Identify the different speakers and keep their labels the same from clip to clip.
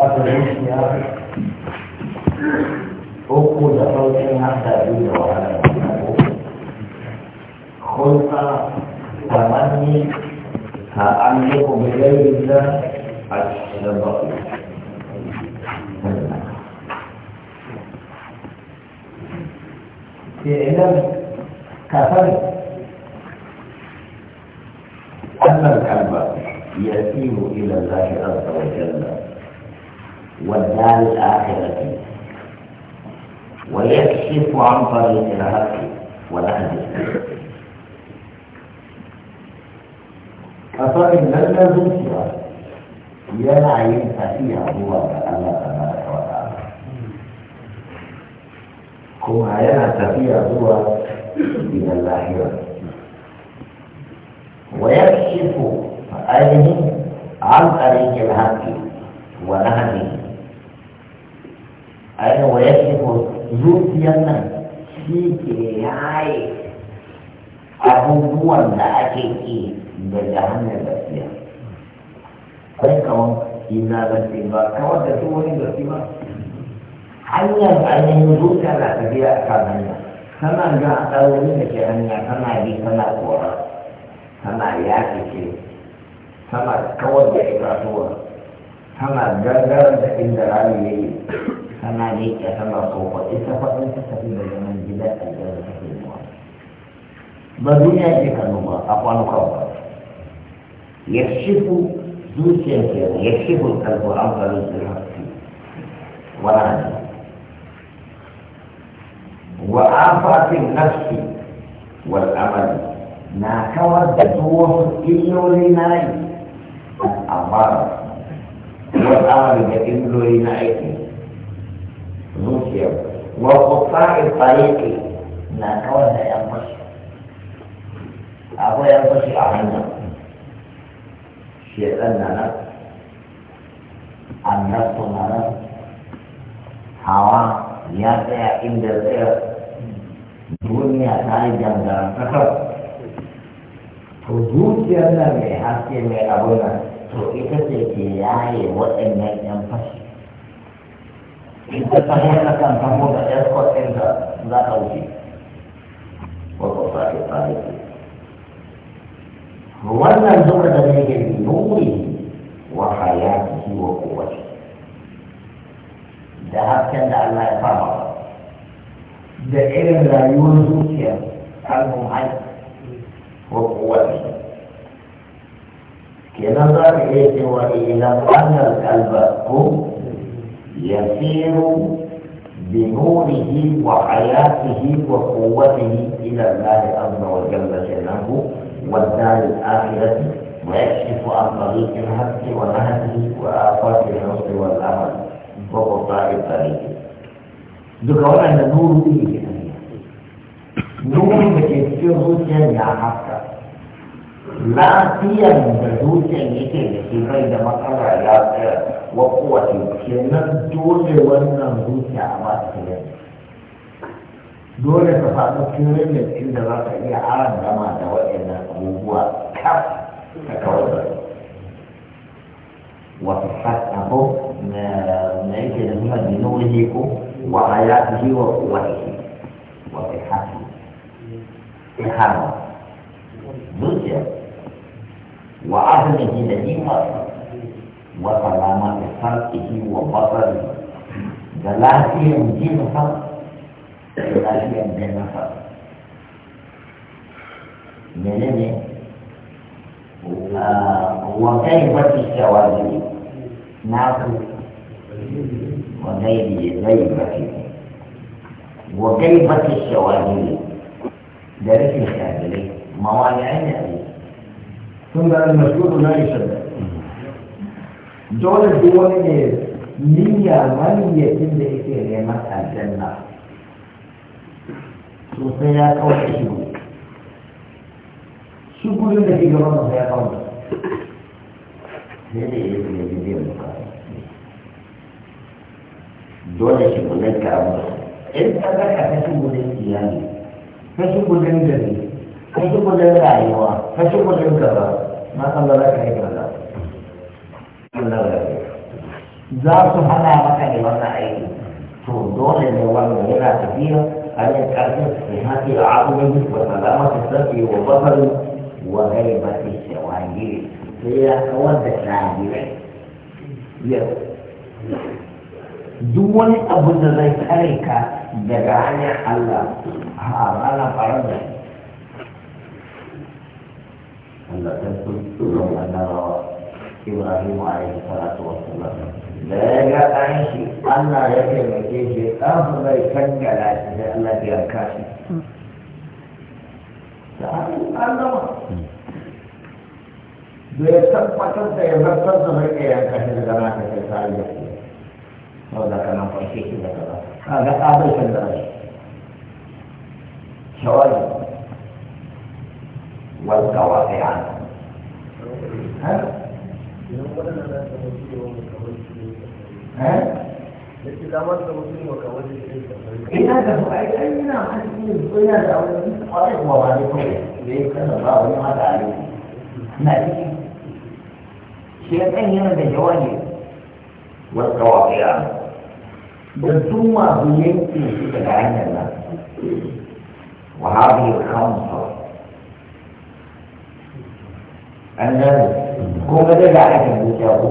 Speaker 1: أتدعوني يا رب أقول لقوتي حتى أجوز وأنا تمني تألق بغير الله الشبق في علم كفر أن الكلب يسير إلى الله عز وجل والدار الآخرة ويكشف عن طريق الحق ونهج فصائب لن يا ينعي فيها هو الله تبارك وتعالى كما ينعي فيها هو إلى الآخرة ويكشف أيضا عن طريق الحق ونهجه a yana wa yake ko zuciyar nan shi ke yaye abubuwan da ake ƙi da jahannar gaskiya kai kawan ina gaske ba kawar da duk wani gaske ba hanyar ainihin da na tafiya a kan hanya tana ga a ɗauri da ke hanya tana bi tana kora tana yaƙi ce tana kawar da itatuwa tana gangar da inda rami yake هذه كثرة فوق الإسفة إن تستفي بجمال جدا الجزء في المؤمن بذي أجيك النبا أقوان قوة يكشف ذو سيكير يكشف القلب عن طريق الحق ورعد وآفات النفس والأمل ما كورد إلا لنعيش الأمار والأمر يجب لنائي روسيا وقطاع
Speaker 2: الطريق
Speaker 1: ما كون ينقص أبو ينقص أهلنا شيئنا النفس مرض هوا يأتي عند الأرض دنيا تايجا دارتها فوجود جنة من حسن من أبونا فإذا تتياهي وإنك ينفصل da ta hanyar na kan kan mota escort ɗin da za ta wuce wato sake tsari wannan duka da ne ke nuri wa hayati wa kowace da hasken da Allah ya fama da irin rayuwar zuciya kalmun hai wa kowace kenan za ka iya cewa idan wannan kalba ko يسير بنوره وحياته وقوته إلى الله عز وجل شأنه والدار الآخرة ويكشف عن طريق الهدف ونهجه وآفات الحسن والأمل وقطاع الطريق ذكرنا أن نور فيه نور بكثير زوجة يا حقا لا سيما زوجة يكي يكي غير مطلع لا سيما wa kowace kenan dole wannan zuciya a ba ta fiye dole ka faɗi pyramid inda za ka iya aran gama da waɗannan abubuwa kaf ka kawar da wasu fasafo na yake da nuna dinohi ko wa hayatihi wa kuwaihi wa sihati ihama zuciya wa ahlihi da imarsa وسلامة فرقه وبصره ده لافيا جين فرق لافيا جين فرق منين وكيف الشواذ ناقل وغير غيبته وغيبة الشواذ درس الخاذلين موانعين ثم المشهور لا يشبه dole duk wani ne niyya maniyyacin da yake neman aljanna to sai ya kawai shi shi gudun da ke gaban masa ya kawai sai da ya yi da biyar bukata dole shi gudun ka abu in ka ga ka kashi gudun iyali kashi gudun gari kashi gudun rayuwa kashi gudun gaba na san da za ka yi gaba kullum za su hana maka ne wannan aiki to dole ne wannan yana tafiya a yin ƙarfin sihati a abubuwan wa salamatu sarfi wa basaru wa gaibati shawagiri sai ya kawar da shagirai yau duk wani abu da zai kare ka daga hanyar Allah a ranar farar da Allah ta sun tsoron wannan rawa إبراهيم عليه الصلاة والسلام ذلك أنش أن يكن مكيش أفضل كنك العشاء الذي أنكاشي bai tabbatar da ya zartar da mai kai yanka shi daga na kai sai da shi sau da kanan farke shi daga ba ka ga tsabar shi da shi shawari wal kawai an ها؟ إيه هذا هو أينا حد من الدنيا لو قريب وعليكم ليه كان الله وما عليكم ما فيه شيئين هنا بالجوانب والقواطع ثم بيمكن في العين وهذه الخمسة an gane kun ga daga aikin dukiya ko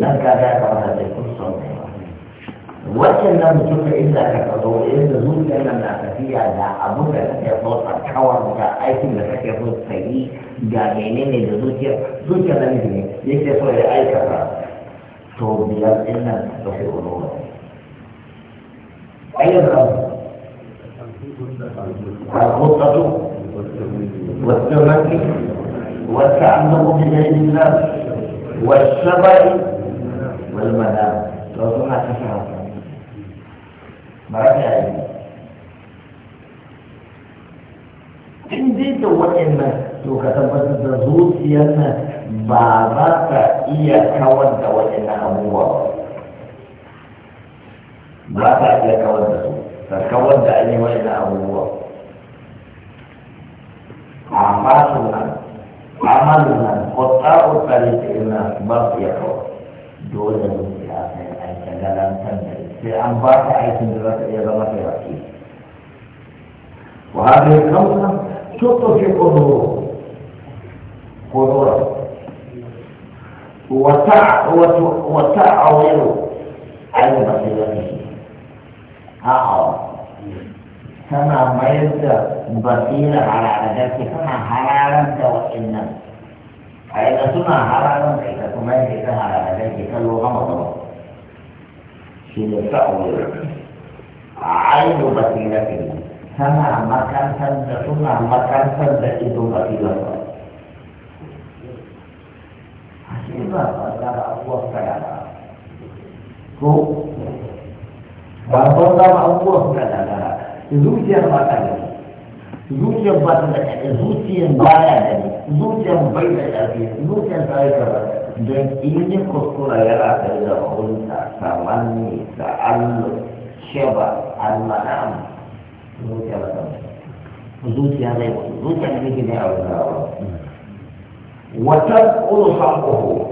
Speaker 1: nan ka ga kamata da kusan waccan nan mutum da inda ka tsaro inda zuciyar nan na tafiya da abin da kake so a kawar da aikin da kake so ka yi ga menene da zuciyar zuciyar nan ne yake so ya aikata to biyar din nan da shi ulama ayyuka الخطة والتمكن والتعلق بغير الله والسبب والمنام لو سمعت فهمت مرات هذه تنزيت وإن لو كتبت تزود سيانا بابات إيا كوان وإن أموا بابات إيا كوان فكوان إيا وإن أموا الله عملنا خطاء طريقنا إلى يقول دولة السياسة أي كلام تنبري في أنبار أي سندرات إلى الله في وهذه الكونة قدورة نوره قدره وتعور كما ميلت بصيرا على عادتك ثم حلالا وإنا فإذا ثم حلالا فإذا تميلت على عادتك كل غمضة في التأويل عين بصيرتك كما مكان سند ثم مكان سند إذ بصيرتك Bapak Allah kadang-kadang. Bapak Allah kadang-kadang. zuciyar ba ta gani zuciyar ba ta gani zuciyar ba ya gani zuciyar bai da ƙarfi zuciyar ta yi don in yi kuskura ya rata da hulta samanni da allo sheba almanam zuciyar ba ta gani zuciya zai zuciya ne ke ne a wani wata ƙuru haƙuhu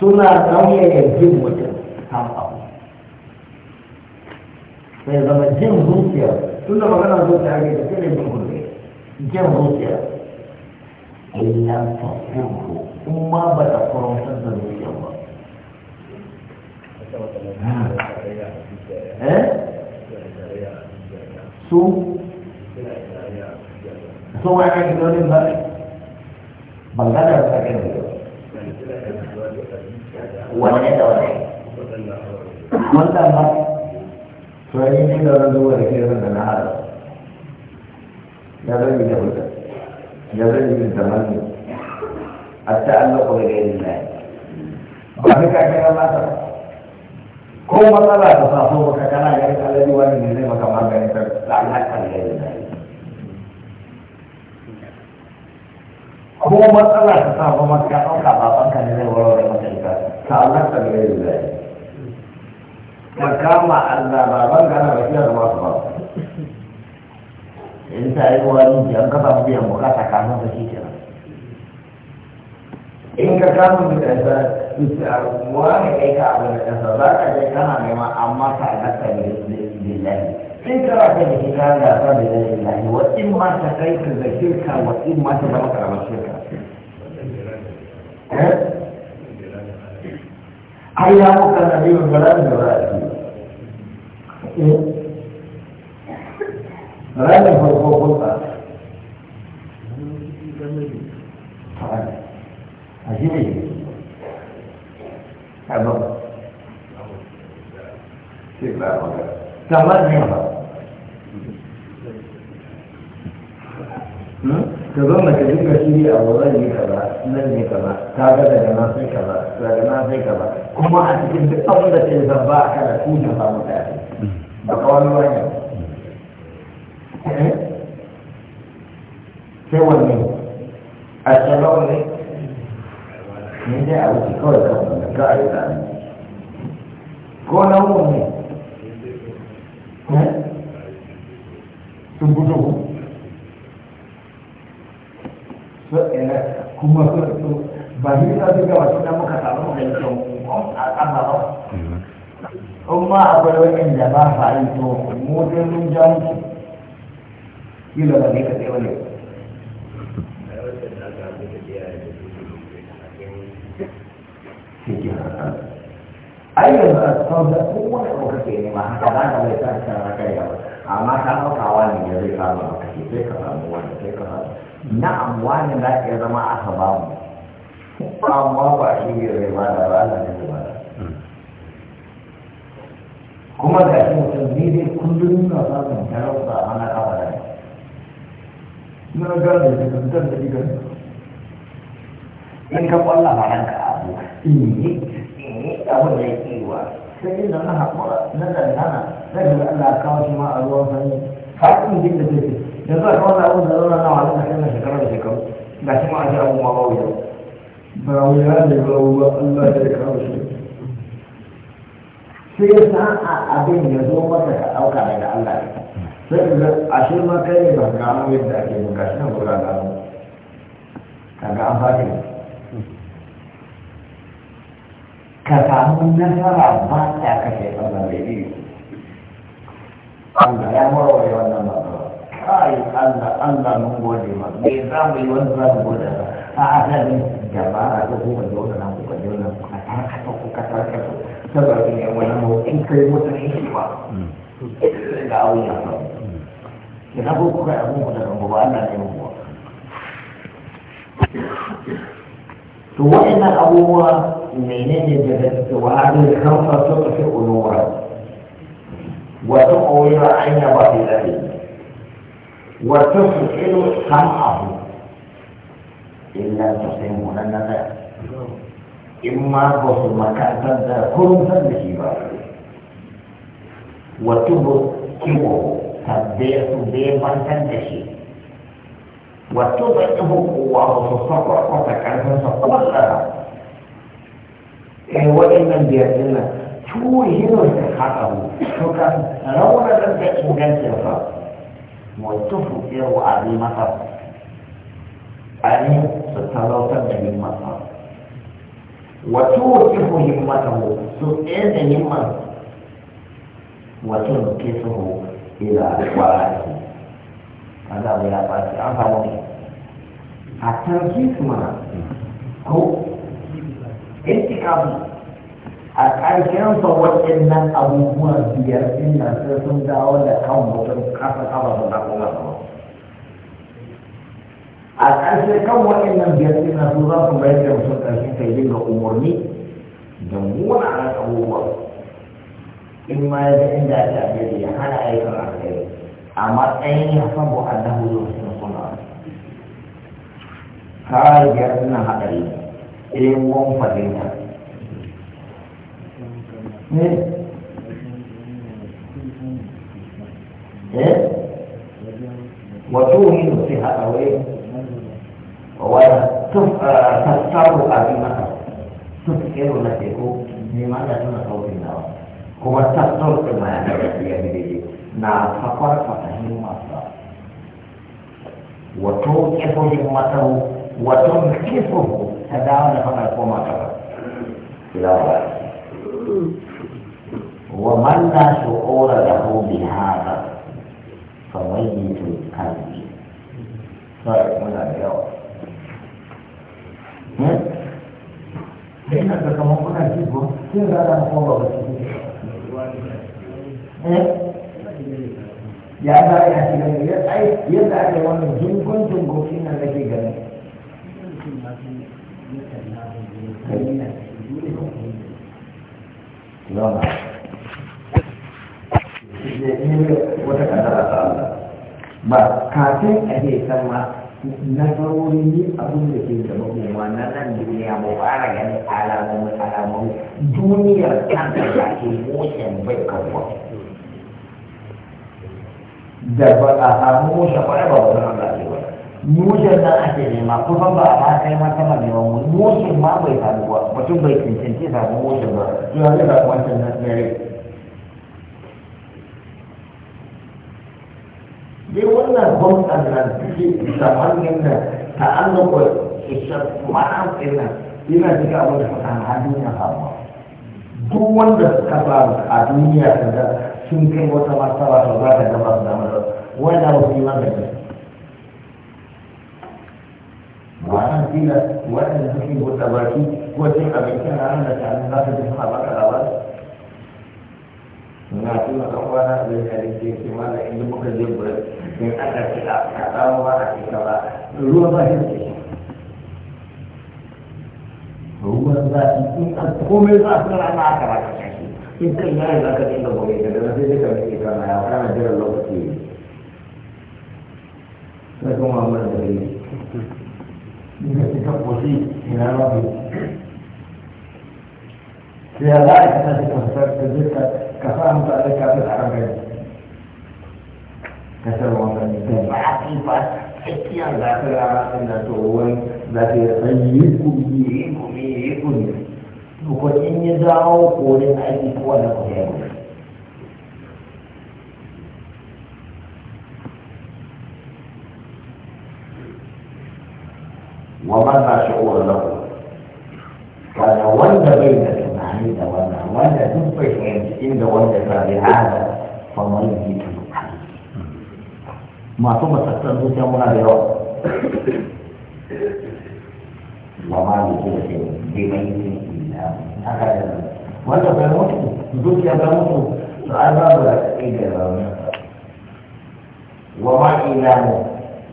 Speaker 1: suna zauye jin mutum haƙuhu sai zama jin zuciya tun da magana zuciya ne da ne jin zuciya jin zuciya illa ta furko in ma ba ta kurantar da zuciya ba hmm. eh? su su ma ya ke donin ba bangada ba ta kai wani da wani wannan ma. to yi ne da zan zuwa da kiran da na hada ya zan yi da ya zan yi da zamani a ta'allaka da gairin layi ba duka kiran nasa ko matsala ta taso maka kana ganin alaji wani ne zai maka magani ta alaƙa da gairin layi ko matsala ta taso maka ɗauka babanka ne zai warware maka ita ta alaƙa da gairin layi ka kama Allah ba ban ka na rafiya da wasu ba in ta yi wani ji an kafa biyan bukata kama da shi kenan in ka kama da kasa wani kai ka abu da kasa za ka je kana nema amma ka alaka da lillahi in ka rafi da kita da ta da lillahi wa in ma ta kai ka da wa in ma ta zama karamar shirka eh? har ya kuka na neman bala'i da za a ce eh? ranar farko kuka a shi ne a ba sai ba ba ba ne ba hmm? ka zo mace duka shiri a wurin ne ka ba nan ne ka ba ta ga daga nan sai ka ba daga nan sai ka ba kuma a cikin duk abin da ke zaba a kana ku da ba mu ta ba ka wani wani sai wanne a shalawar ne ne dai a wuce kawai ka wanda ka a yi da ko na wani ne sun gudu kuma ba ni ta duka wasu da muka samu da kyau a ƙasa ba in ma akwai wajen da ba sa yi to mu dai mun ja musu kila ba ne ka tsaye ai yanzu a sau da kowane ɗauka ke nema haka ba ta bai sa shi kan haka yawa amma ka ɗaukawa ne zai kama maka sai ka samu wanda sai ka samu Na na'am ne na iya zama aka ba mu amma ba shi ne rai ba da ba Allah ne ba kuma ga shi mutum ne dai kullum na samun tarau ba ana kafa da na gane da kantar da idan in ka kwalla faran ka abu in yi in yi abin da ya kewa sai yin na haƙura na dandana zai da Allah kawo shi ma a ruwan sanyi har in gina da ke da za ka wannan abin da zauna na wajen da kanan shekara da shekaru ga shi ma'aji abin ma ba wuya ba wuya da ba wuya Allah ya kawo shi sai ya san a abin ya zo maka ka ɗauka daga Allah ne sai ka ga ashe ma kai ne ba gano yadda ake yin gashi nan gura gano ka ga an fadi ka samu nasara ba ta kashe wannan bai biyu Allah ya warware wannan ba kai Allah Allah mun gode ma me za mu yi wani za mu gode ba a asalin jama'a da kuma da wannan ku ka jona ku ka tarka ta ku ka tarka ta saboda ne wannan mu in kai wata shi ba da awon ya ba ina ko ku ka abun ku da ban ba Allah ne mu to wa'annan abubuwa menene daga tsawarin kamfa suka fi ulura wata ƙoyar anya ba fi lafiya وتفعل صنعه إلا تصيم لنا إما بصر مكان تبدا كرم فلسي وتبكمه تبدأ بما تنتشي وتضعه قواه الصبر وتكلفه كلها وإن بيدنا توهن ثقته فكان رونا لم تكن جنسها mutum ya wa'azi masa ani su talautar da himmarsa wato kifu himmatahu su tsaye da himmar wato kifu ila kwaraki kaza ba ya ɓaci an samu ne a tarki su mana ko intikafi a ƙarshen ƙarshensa nan abubuwan biyar ɗin na sai sun dawo da kan mutum kasa kasa su na kuma a ƙarshe kan waɗannan biyar ɗin na sun za su bayar da mutum ƙarshe kai ga umarni da munanan abubuwa in ma ya ga inda ake da ya hana aikin alkhairi a matsayin ya san bu'annahu zuwa cikin suna kare biyar suna haɗari ɗin wani fahimta ايه ايه وتوهن فيها او ايه وتفتر قديمة تفكر لك لماذا تنصر في النار هو تفتر كما يعني نعم فقر فتهم مصدر وتوقف همته وتنكفه تداول فقط وما كفر الى الله ومن لا شعور له بهذا فميت القلب طيب Ina da kuna Ya yi yadda ake wannan wata ta ba kafin a ke san na farori ne abin da ke da makoma na nan duniya ba fara gani alamomi alamomi duniyar kanta da ke motion bai kawo da ba a samu motion ba ba wani nan zafi ba motion nan ake nema kusan ba a kai ma sama neman mu motion ma bai samu ba mutum bai cancanci samu motion ba to ya zai wancan nan tsere eh. sai wannan gwamnan nan suke hannun nan ta an da kwa ma'am ɗin nan yana cika abin da fata na ya samuwa duk wanda suka faru a duniya ta da sun kai wata martaba ta za ta gaba da mara wanda ba su yi wanda ne ma'ana kila wanda suke wata baki ko cin abinci na ranar da ta za ta ji suna baka labar na tuna kan kwana da ya rike shi mana inda muka je gurin in aka ci a kaɗa ba a ci ba ruwa ba shi ne ruwan zafi in an komai za a tsara ma aka ba ka shi in kan yayi za ka dinga gobe da na sai ka rike ka na ya kana jiran lokaci ne sai kuma mun da yi in ka ci ka koshi ina rabu sai ya za a kasa shi kan sarki zai كفاهم بعد كافر عربي كسر وانتين فعقيفة حكيا داخل عراقنا تقول ذاتي غيبكم يهيبكم يهيبكم وكتين يدعو قولين عيبك ولا قيامك وماذا شعور له كان وند بينك haɗu da wannan wanda duk bai fahimci inda wanda ba bi hada famar yi ta masu masassan zuciya muna da yawa wa ma da ke da ke bai mai yi illa haka da wanda bai mutu zuciya bai mutu to an ba da kai da rauni wa ma ila mu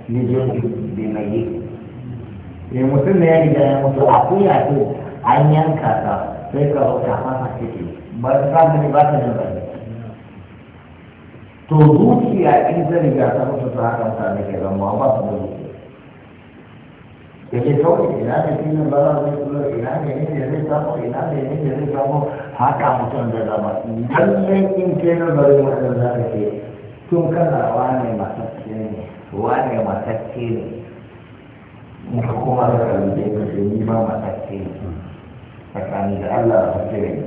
Speaker 1: ni jinki bai mai yi mutum ne ya riga ya mutu akuya ce an yanka ta sai ka bauta masa take ba ta ne ba ta da bane to zuciya in zai riga ta mutu ta haka mutane ke zama ba su da zuciya yake kawai ina ne shi ne bara zai kula ina ne ne da zai samu ina ne ne da zai samu haka mutum da zama lallai in ke na bari wannan za ka ke tun kana wane matacce ne wane matacce ne muka kuma da kalli da ni ma matacce ne فكان لألا أفكرين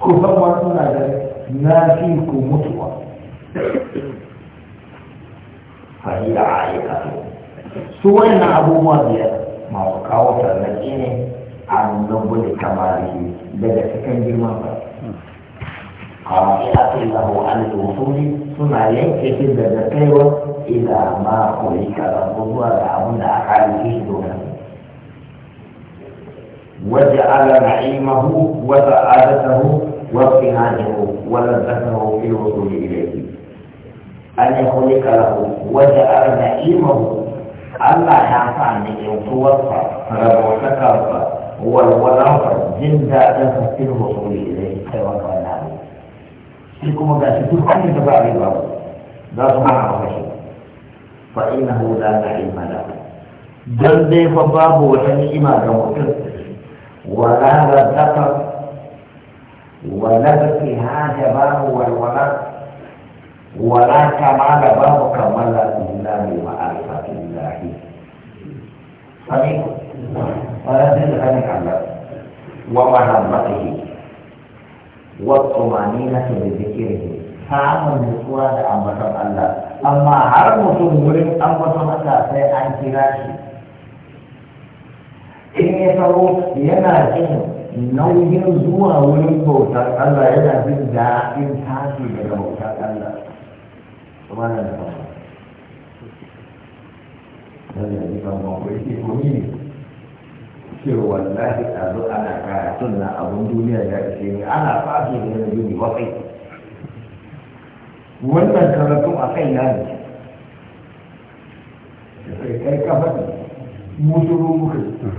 Speaker 1: كفر ما ما فيك مطوى فهي عائقة سوين أبو مادية ما فكاوت المجيني عن نبول كماله لدى سكن جرمانك قال أقل له عن الوصول ثم عليك تبدأ إلى ما قلت له الله عن أحاديه دونه وجعل نعيمه وسعادته واقتناعه ولذته في الوصول اليه ان يخلق له وجعل نعيمه الا ينفع به توفى فلما تكفى هو الوظافه جن ذاته في الوصول اليه توفى نعم فيكم مباشر كل تبع الباب لا سبحانه وتعالى فانه لا نعيم له جن ذي فباب وتنعيم على ولا الذكر ولا ابتهاج باب والولاء ولا كمال باب كمال الإسلام ومعرفة الله صحيح ولا ذلك عن ومحبته والطمأنينة بذكره samun nutsuwa da ambaton Allah amma har mutum wurin ambaton Allah sai an in ya taro yana jin nauyin zuwa wurin bautar Allah yana jin daɗin tashi daga bautar Allah Kuma na da dan da ni kan ban kai shi ne. ni ce tsaro a ana kaya na abun duniya ya ce ni ana fashe da yana yi wakai wannan karatu a kai na ne sai kai kafa ne muturu muka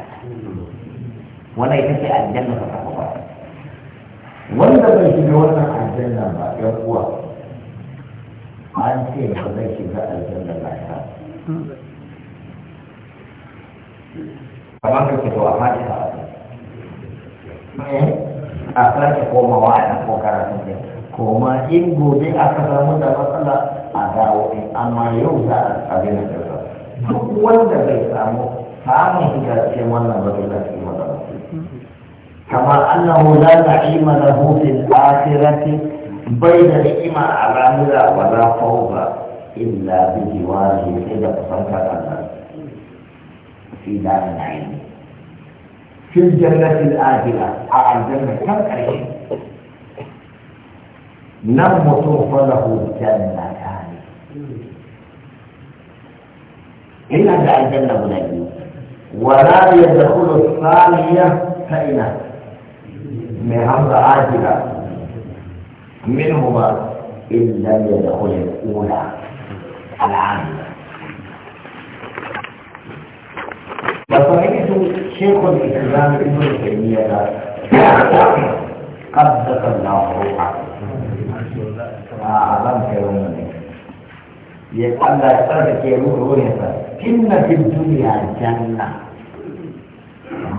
Speaker 1: wala ita ce aljanna ta kafa ba wanda bai shiga wannan aljanna ba ɗan uwa an ce ba zai shiga aljanna ba ta kamar ka ce to a fati ba eh? a sake komawa a ko karatu sun koma in gobe aka samu da matsala a dawo in amma yau za a abin da duk wanda bai samu samun shiga cikin wannan ba zai lafiya كما أنه لا نعيم له في الآخرة بين نعيم على ملا ولا فوضى إلا بجواره إذا قصرت في دار النعيم في الجنة الآخرة على الجنة كم أيام له فله جنتان إلا الجنة ولا يدخل الثانية فإنه من حمزة عاجلة منهما إن لم يدخل الأولى العاملة وسمعت شيخ الإسلام ابن تيمية قدس الله روحه أعلم كلامه يقول الله يترك يروح روحه إن في الدنيا جنة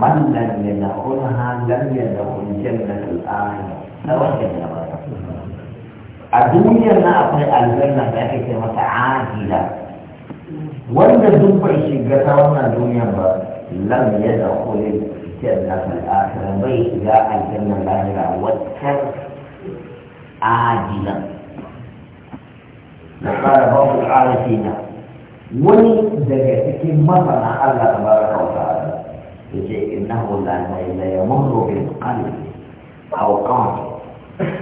Speaker 1: من لم يدخلها لم يدخل جنة الآخرة لو أجل الدنيا ما أقول الجنة بحيث متعادلة وإذا دم بيشي قتلنا الدنيا ما لم يدخل جنة الآخرة بيش جاء الجنة الآخرة وكر عادلا فقال بعض العالمين وني دقيتك مثلا الله تبارك وتعالى يجي إنه لا يمر بالقلب أوقات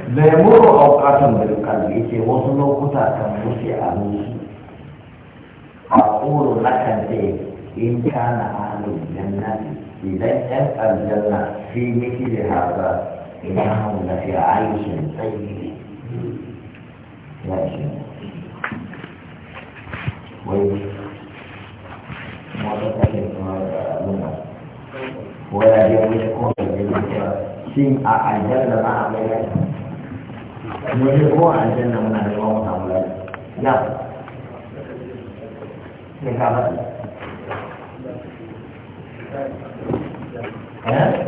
Speaker 1: لا يمر أوقات بالقلب يجي وصلوا كتا كمسي أموس أقول لك إن كان أهل الجنة إذا أهل الجنة في مثل هذا إنهم لفي عيش طيب يا شيخ ولا يملكون بالمكر شيء الجنة مع غيره يملكون الجنة من اليوم أولا لا نكابة ها؟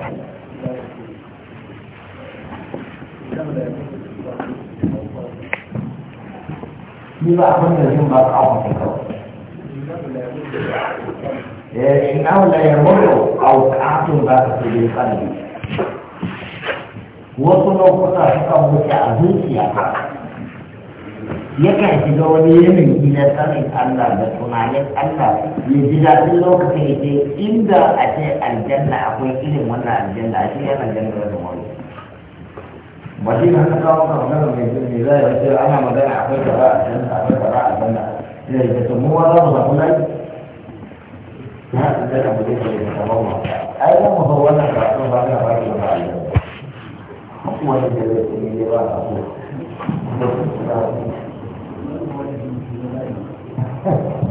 Speaker 1: Bila aku menerima apa-apa إنه لا يمر أو ساعة ذات في القلب wasu lokuta suka wuce a zuciya yakan shiga wani yamin gidan sanin Allah da tunanin Allah ya ji daɗin lokacin ya ce inda a ce aljanna akwai irin wannan aljanna a cikin aljanna da wani ba shi na kawo maka magana mai zai zai ya ce ana magana akwai gaba a janna da samuwa za mu samu nan na da da mu da kamar mu ai mu ba wannan karatun ba na ba ki ba ai kuma da ne a